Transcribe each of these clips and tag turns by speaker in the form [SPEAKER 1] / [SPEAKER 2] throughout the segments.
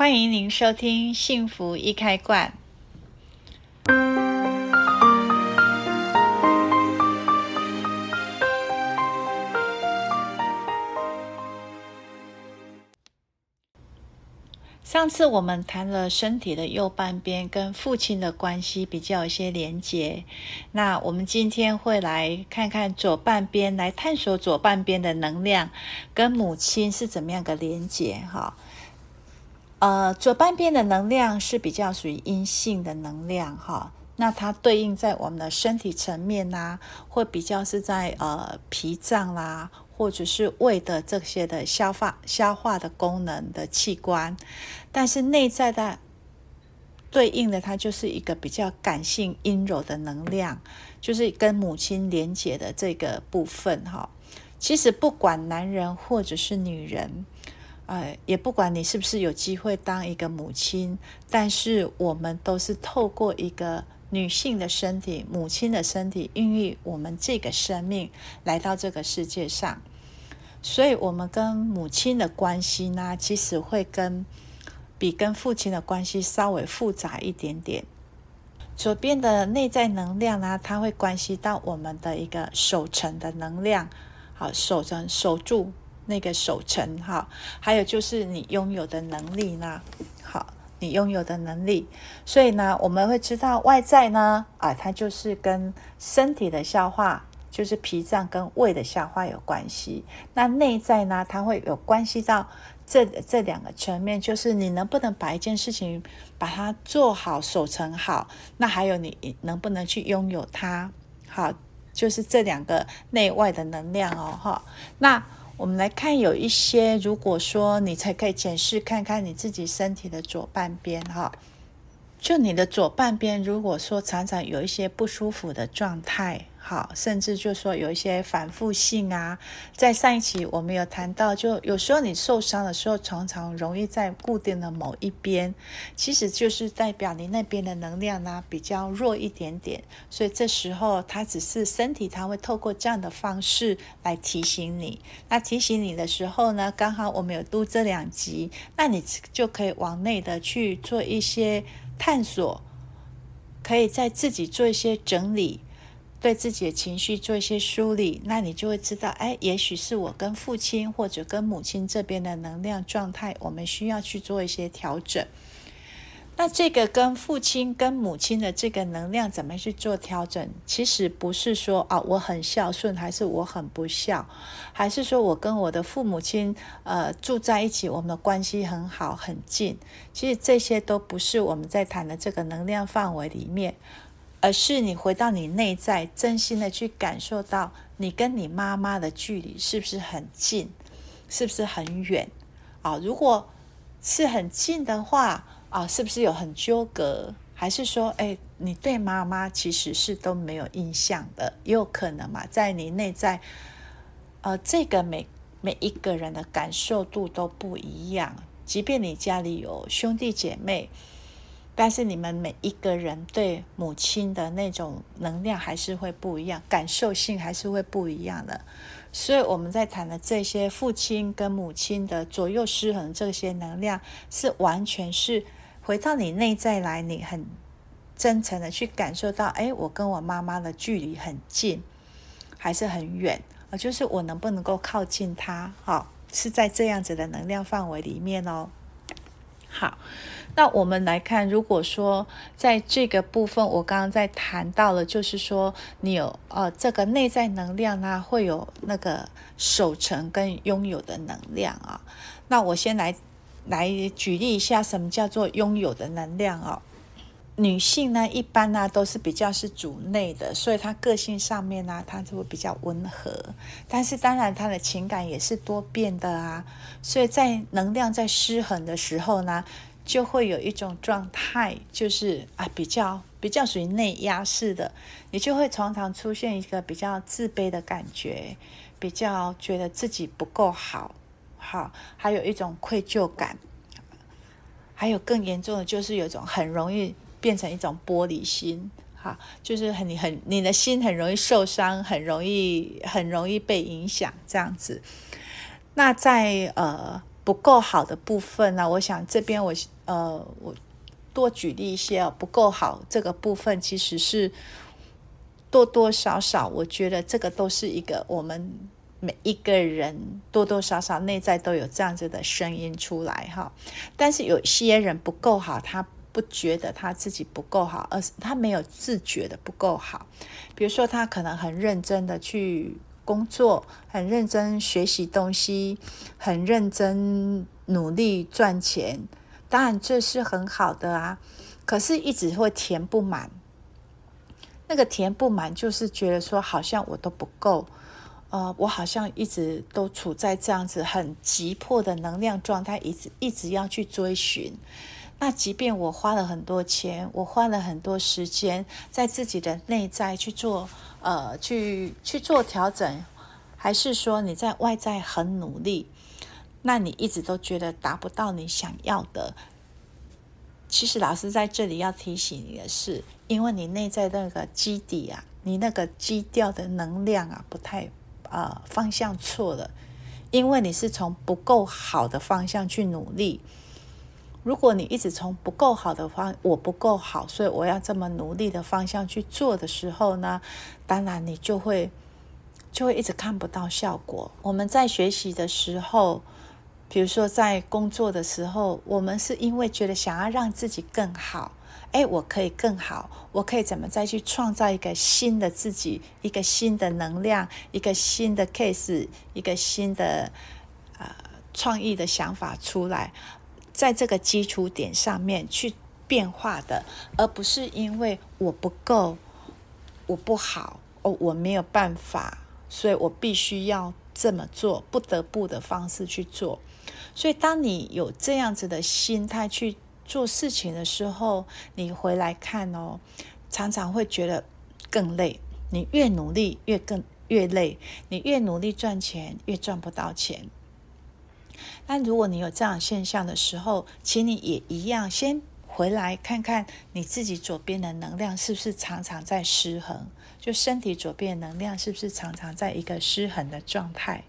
[SPEAKER 1] 歡迎您收聽《幸福易開罐》。上次我們談了身體的右半邊跟父親的關係比較有一些連結，那我們今天會來看看左半邊，來探索左半邊的能量跟母親是怎麼樣的連結哈。呃，左半邊的能量是比較屬於陰性的能量哈，那它對應在我們的身體層面啦、啊，會比較是在呃脾臟啦，或者是胃的這些的消化消化的功能的器官，但是內在的對應的它就是一個比較感性陰柔的能量，就是跟母親連結的這個部分哈。其實不管男人或者是女人。呃，也不管你是不是有機會當一個母親，但是我們都是透過一個女性的身體、母親的身體孕育我們這個生命來到這個世界上。所以，我們跟母親的關係呢，其實會跟比跟父親的關係稍微複雜一點點。左邊的內在能量呢，它會關係到我們的一個守成的能量，好，守成，守住。那個守成哈，還有就是你擁有的能力呢，好，你擁有的能力，所以呢，我們會知道外在呢，啊，它就是跟身體的消化，就是脾臟跟胃的消化有關係。那內在呢，它會有關係到這這兩個層面，就是你能不能把一件事情把它做好、守成好，那還有你能不能去擁有它。好，就是這兩個內外的能量哦，哈，那。我們來看，有一些，如果說你才可以檢視看看你自己身體的左半邊，哈，就你的左半邊，如果說常常有一些不舒服的狀態。好，甚至就說有一些反覆性啊，在上一期我們有談到，就有時候你受傷的時候，常常容易在固定的某一邊，其實就是代表你那邊的能量呢比較弱一點點，所以這時候它只是身體，它會透過這樣的方式來提醒你。那提醒你的時候呢，剛好我們有讀這兩集，那你就可以往內的去做一些探索，可以在自己做一些整理。對自己的情緒做一些梳理，那你就會知道，哎，也許是我跟父親或者跟母親這邊的能量狀態，我們需要去做一些調整。那這個跟父親跟母親的這個能量怎麼去做調整？其實不是說啊、哦，我很孝順，還是我很不孝，還是說我跟我的父母親呃住在一起，我們的關係很好很近。其實，這些都不是我們在談的這個能量範圍裡面。而是你回到你內在，真心的去感受到你跟你媽媽的距離是不是很近，是不是很遠？啊，如果是很近的話，啊，是不是有很糾葛？還是說，誒，你對媽媽其實是都沒有印象的？也有可能嘛，在你內在，呃，這個每每一個人的感受度都不一樣。即便你家裡有兄弟姐妹。但是你們每一個人對母親的那種能量還是會不一樣，感受性還是會不一樣的。所以我們在談的這些父親跟母親的左右失衡，這些能量是完全是回到你內在來，你很真誠的去感受到，誒，我跟我媽媽的距離很近，還是很遠，啊，就是我能不能夠靠近她？好，是在這樣子的能量範圍裡面哦。好，那我們來看，如果說在這個部分，我剛剛在談到了，就是說你有呃這個內在能量啊，會有那個守成跟擁有的能量啊、哦，那我先來來舉例一下，什麼叫做擁有的能量哦。女性呢，一般呢都是比較是主內的，所以她個性上面呢、啊，她就會比較溫和。但是當然，她的情感也是多變的啊。所以在能量在失衡的時候呢，就會有一種狀態，就是啊，比較比較屬於內壓式的，你就會常常出現一個比較自卑的感覺，比較覺得自己不夠好，好，還有一種愧疚感，還有更嚴重的就是有一種很容易。變成一種玻璃心，哈，就是很你很你的心很容易受傷，很容易很容易被影響這樣子。那在呃不夠好的部分呢，啊，我想這邊我呃我多舉例一些哦，不夠好這個部分其實是多多少少，我覺得這個都是一個我們每一個人多多少少內在都有這樣子的聲音出來哈。但是有些人不夠好，他。不覺得他自己不夠好，而是他沒有自覺的不夠好。比如說，他可能很認真的去工作，很認真學習東西，很認真努力賺錢。當然這是很好的啊，可是一直會填不滿。那個填不滿，就是覺得說好像我都不夠，呃，我好像一直都處在這樣子很急迫的能量狀態，一直一直要去追尋。那即便我花了很多錢，我花了很多時間在自己的內在去做，呃，去去做調整，還是說你在外在很努力，那你一直都覺得達不到你想要的。其實老師在這裡要提醒你的是，因為你內在那個基底啊，你那個基調的能量啊，不太啊，呃，方向錯了，因為你是從不夠好的方向去努力。如果你一直從不夠好的方，我不夠好，所以我要這麼努力的方向去做的時候呢，當然你就會，就會一直看不到效果。我們在學習的時候，比如說在工作的時候，我們是因為覺得想要讓自己更好，哎，我可以更好，我可以怎麼再去創造一個新的自己，一個新的能量，一個新的 case，一個新的啊、呃、創意的想法出來。在這個基礎點上面去變化的，而不是因為我不夠，我不好，哦，我沒有辦法，所以我必須要這麼做，不得不的方式去做。所以，當你有這樣子的心態去做事情的時候，你回來看哦，常常會覺得更累。你越努力，越更越累；你越努力賺錢，越賺不到錢。那如果你有這樣的現象的時候，請你也一樣先回來看看你自己左邊的能量是不是常常在失衡，就身體左邊的能量是不是常常在一個失衡的狀態。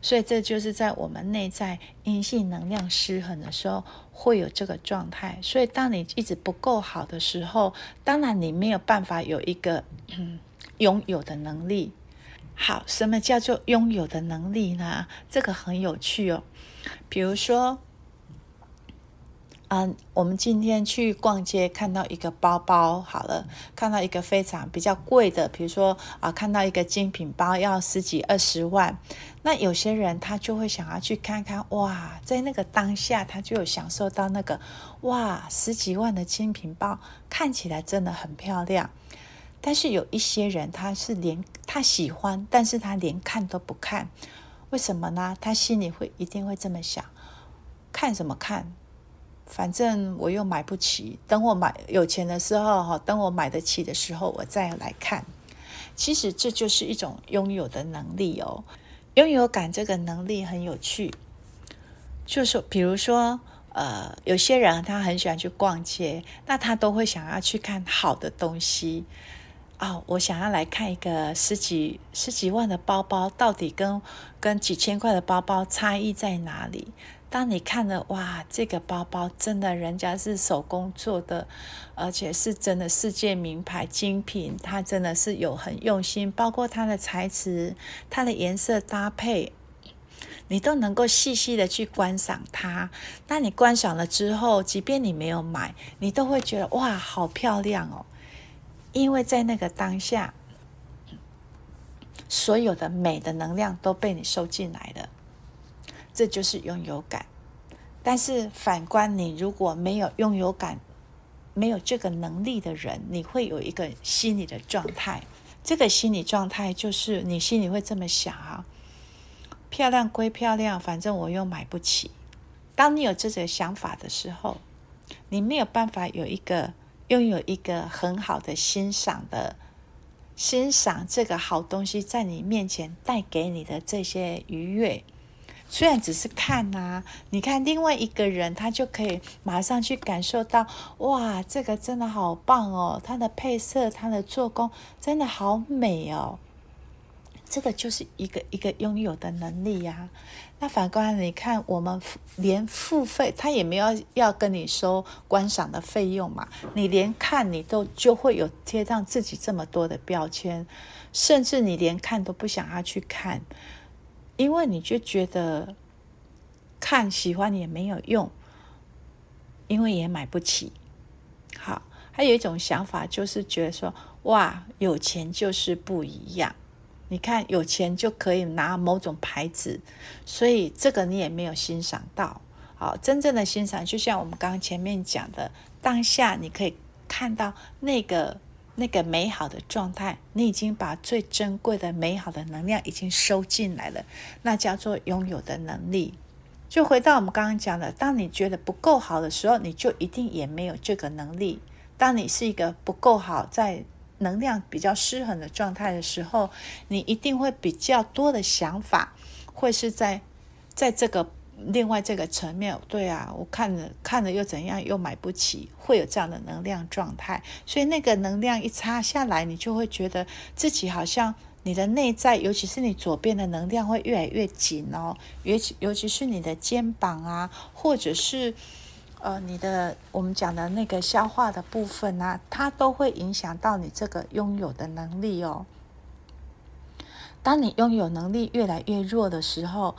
[SPEAKER 1] 所以這就是在我們內在陰性能量失衡的時候會有這個狀態。所以當你一直不夠好的時候，當然你沒有辦法有一個擁有的能力。好，什麼叫做擁有的能力呢？這個很有趣哦。比如說，嗯、呃，我們今天去逛街，看到一個包包，好了，看到一個非常比較貴的，比如說啊、呃，看到一個精品包，要十幾二十萬。那有些人他就會想要去看看，哇，在那個當下，他就有享受到那個哇，十幾萬的精品包，看起來真的很漂亮。但是有一些人，他是連他喜歡，但是他連看都不看，為什麼呢？他心裡會一定會這麼想：看什麼看？反正我又買不起，等我買有錢的時候，等我買得起的時候，我再來看。其實這就是一種擁有的能力哦，擁有感這個能力很有趣。就是比如說，呃，有些人他很喜歡去逛街，那他都會想要去看好的東西。哦，我想要來看一個十幾十幾萬的包包，到底跟跟幾千塊的包包差異在哪裡？當你看了，哇，這個包包真的，人家是手工做的，而且是真的世界名牌精品，它真的是有很用心，包括它的材質、它的顏色搭配，你都能夠細細的去觀賞它。當你觀賞了之後，即便你沒有買，你都會覺得哇，好漂亮哦。因為在那個當下，所有的美的能量都被你收進來了，這就是擁有感。但是反觀你如果沒有擁有感、沒有這個能力的人，你會有一個心理的狀態。這個心理狀態就是你心裡會這麼想啊：漂亮歸漂亮，反正我又買不起。當你有這個想法的時候，你沒有辦法有一個。擁有一個很好的欣賞的欣賞這個好東西，在你面前帶給你的這些愉悅，雖然只是看啊，你看另外一個人，他就可以馬上去感受到，哇，這個真的好棒哦，它的配色，它的做工，真的好美哦。這個就是一個一個擁有的能力呀、啊。那反過來你看，我們連付費他也沒有要跟你收觀賞的費用嘛？你連看你都就會有貼上自己這麼多的標籤，甚至你連看都不想要去看，因為你就覺得看喜歡也沒有用，因為也買不起。好，還有一種想法就是覺得說哇，有錢就是不一樣。你看有錢就可以拿某種牌子，所以這個你也沒有欣賞到。好，真正的欣賞就像我們剛剛前面講的，當下你可以看到那個那個美好的狀態，你已經把最珍貴的美好的能量已經收進來了，那叫做擁有的能力。就回到我們剛剛講的，當你覺得不夠好的時候，你就一定也沒有這個能力。當你是一個不夠好，在能量比較失衡的狀態的時候，你一定會比較多的想法，會是在，在這個另外這個層面，對啊，我看了看了又怎樣，又買不起，會有這樣的能量狀態。所以那個能量一插下來，你就會覺得自己好像你的內在，尤其是你左邊的能量會越來越緊哦，尤其尤其是你的肩膀啊，或者是。呃，你的我們講的那個消化的部分吶、啊，它都會影響到你這個擁有的能力哦。當你擁有能力越來越弱的時候，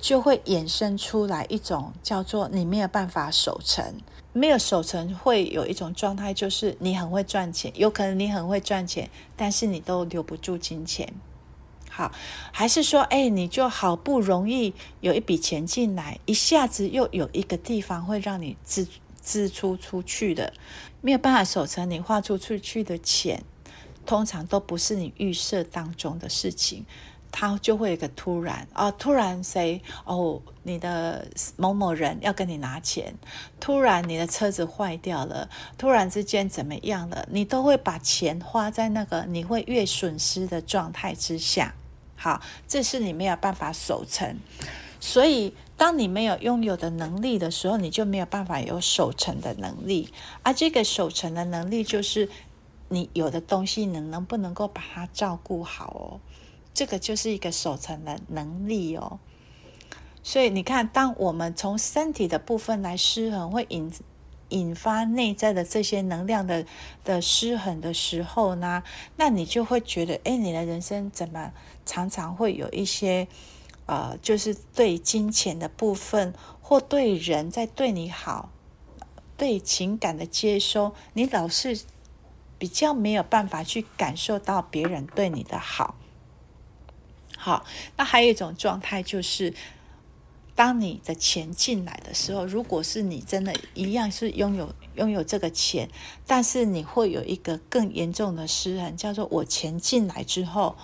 [SPEAKER 1] 就會衍生出來一種叫做你沒有辦法守成，沒有守成會有一種狀態，就是你很會賺錢，有可能你很會賺錢，但是你都留不住金錢。好，還是說，哎，你就好不容易有一筆錢進來，一下子又有一個地方會讓你支支出出去的，沒有辦法守成。你花出出去的錢，通常都不是你預設當中的事情，它就會有一個突然啊，突然誰哦，你的某某人要跟你拿錢，突然你的車子壞掉了，突然之間怎麼樣了，你都會把錢花在那個你會越損失的狀態之下。好，這是你沒有辦法守成，所以當你沒有擁有的能力的時候，你就沒有辦法有守成的能力。而、啊、這個守成的能力，就是你有的東西能能不能夠把它照顧好哦，這個就是一個守成的能力哦。所以你看，當我們從身體的部分來失衡，會引。引發內在的這些能量的的失衡的時候呢，那你就會覺得，誒，你的人生怎麼常常會有一些，呃，就是對金錢的部分或對人在對你好，對情感的接收，你老是比較沒有辦法去感受到別人對你的好。好，那還有一種狀態就是。當你的錢進來的時候，如果是你真的一樣是擁有擁有這個錢，但是你會有一個更嚴重的失衡，叫做我錢進來之後，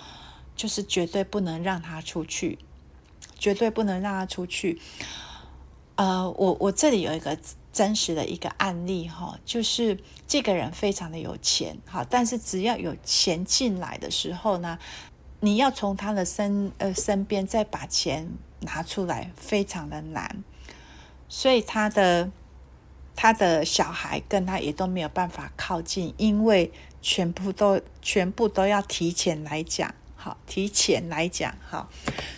[SPEAKER 1] 就是絕對不能讓它出去，絕對不能讓它出去。呃，我我這裡有一個真實的一個案例哈、哦，就是這個人非常的有錢，好，但是只要有錢進來的時候呢，你要從他的身呃身邊再把錢。拿出來非常的難，所以他的他的小孩跟他也都沒有辦法靠近，因為全部都全部都要提前來講，好提前來講，好，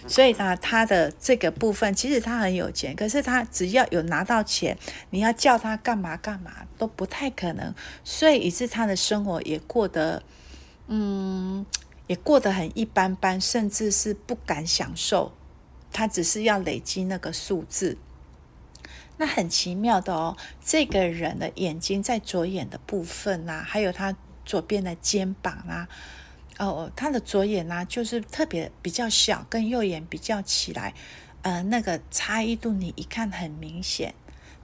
[SPEAKER 1] 所以呢，他的這個部分其實他很有錢，可是他只要有拿到錢，你要叫他幹嘛幹嘛都不太可能，所以以致他的生活也過得嗯，也過得很一般般，甚至是不敢享受。他只是要累積那個數字，那很奇妙的哦。這個人的眼睛在左眼的部分啊，還有他左邊的肩膀啊，哦，他的左眼啊，就是特別比較小，跟右眼比較起來，呃，那個差異度你一看很明顯。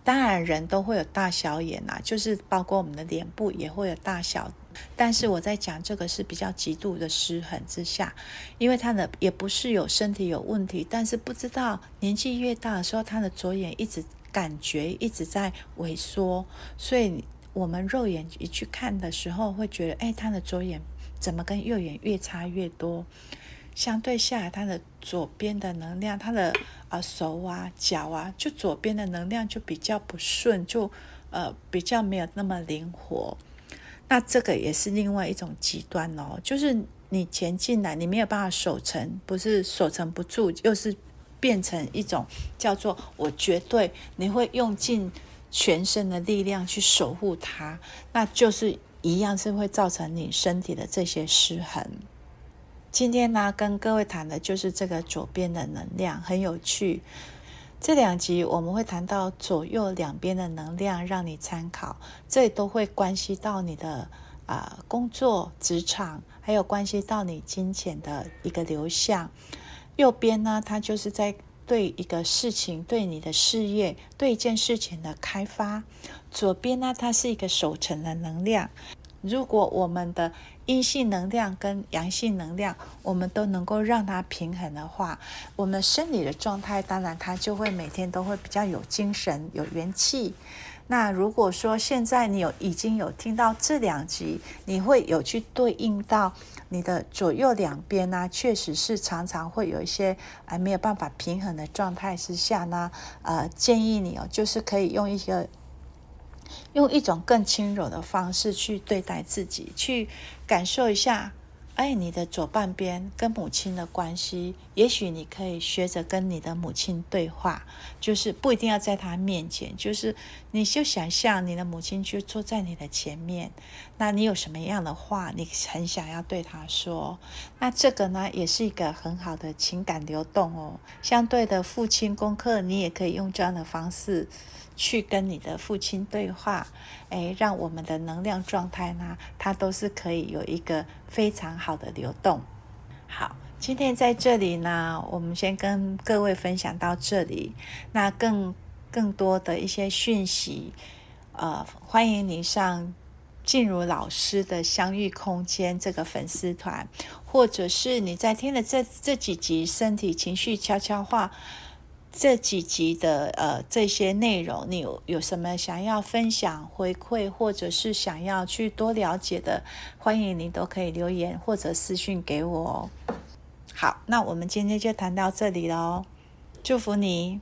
[SPEAKER 1] 當然，人都會有大小眼吶，就是包括我們的臉部也會有大小。但是我在講這個是比較極度的失衡之下，因為他的也不是有身體有問題，但是不知道年紀越大的時候，他的左眼一直感覺一直在萎縮，所以我們肉眼一去看的時候，會覺得，誒，他的左眼怎麼跟右眼越差越多？相對下來，它的左邊的能量，它的啊、呃、手啊腳啊，就左邊的能量就比較不順，就呃比較沒有那麼靈活。那這個也是另外一種極端哦，就是你前進來，你沒有辦法守成，不是守成不住，又是變成一種叫做我絕對你會用盡全身的力量去守護它，那就是一樣是會造成你身體的這些失衡。今天呢，跟各位談的就是這個左邊的能量，很有趣。這兩集我們會談到左右兩邊的能量，讓你參考。這都會關係到你的啊、呃、工作、職場，還有關係到你金錢的一個流向。右邊呢，它就是在對一個事情、對你的事業、對一件事情的開發。左邊呢，它是一個守成的能量。如果我們的陰性能量跟陽性能量，我們都能夠讓它平衡的話，我們生理的狀態當然它就會每天都會比較有精神、有元氣。那如果說現在你有已經有聽到這兩集，你會有去對應到你的左右兩邊呢、啊？確實是常常會有一些啊沒有辦法平衡的狀態之下呢，呃，建議你哦，就是可以用一些用一種更輕柔的方式去對待自己，去，感受一下，哎，你的左半邊跟母親的關係，也許你可以學着跟你的母親對話，就是不一定要在她面前，就是你就想象，你的母親就坐在你的前面，那你有什麼樣的話，你很想要對她說，那這個呢，也是一個很好的情感流動哦。相對的父親功課，你也可以用這樣的方式。去跟你的父親對話，誒、哎，讓我們的能量狀態呢，它都是可以有一個非常好的流動。好，今天在這裡呢，我們先跟各位分享到這裡。那更更多的一些訊息，呃，歡迎您上靜茹老師的相遇空間這個粉絲團，或者是你在聽的這這幾集《身體情緒悄悄話》。這幾集的呃這些內容，你有有什麼想要分享、回饋，或者是想要去多了解的，歡迎你都可以留言或者私信給我哦。好，那我們今天就談到這裡嘍，祝福你。